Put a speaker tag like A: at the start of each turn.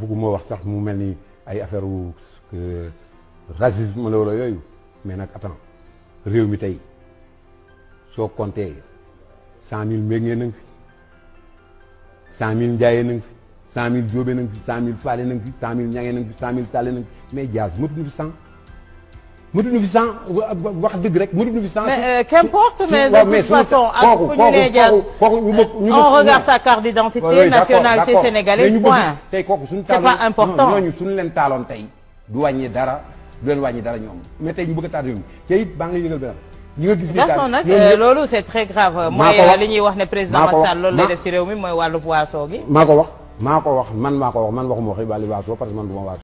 A: bugguma wax sax mu mel ni ay affaire wu racisme la wala yooyu mais nag attends réew mi tey soo compté cent mille méngee nañ fi cent mille njaayee nañ fi cent mille jóobee fi cent faale nañ fi cent mille ñangee fi cent saale nañ fi mais jaas matu matu cent mu mënuñu fi sans wax dëgg rek mënuñu fi sans. mais euh, qu'importe mais de toute façon ak
B: ku ñu lay jàpp
C: on regarde sa
B: carte d'identité nationalité sénégalaise point
C: tey kooku suñu taaloon c'est pas important ñooñu leen taaloon tey du wàññi dara du leen wàññi dara ñoom mais tey ñu bëgg a taal réew mi te it baa ngi yëgal benn nag euh,
D: loolu c'est très grave. mooy euh, li ñuy wax ne président Macky Sall loolu lay def ci mi mooy wàllu waaso gi. maa ko
A: wax maa ko wax man maa ko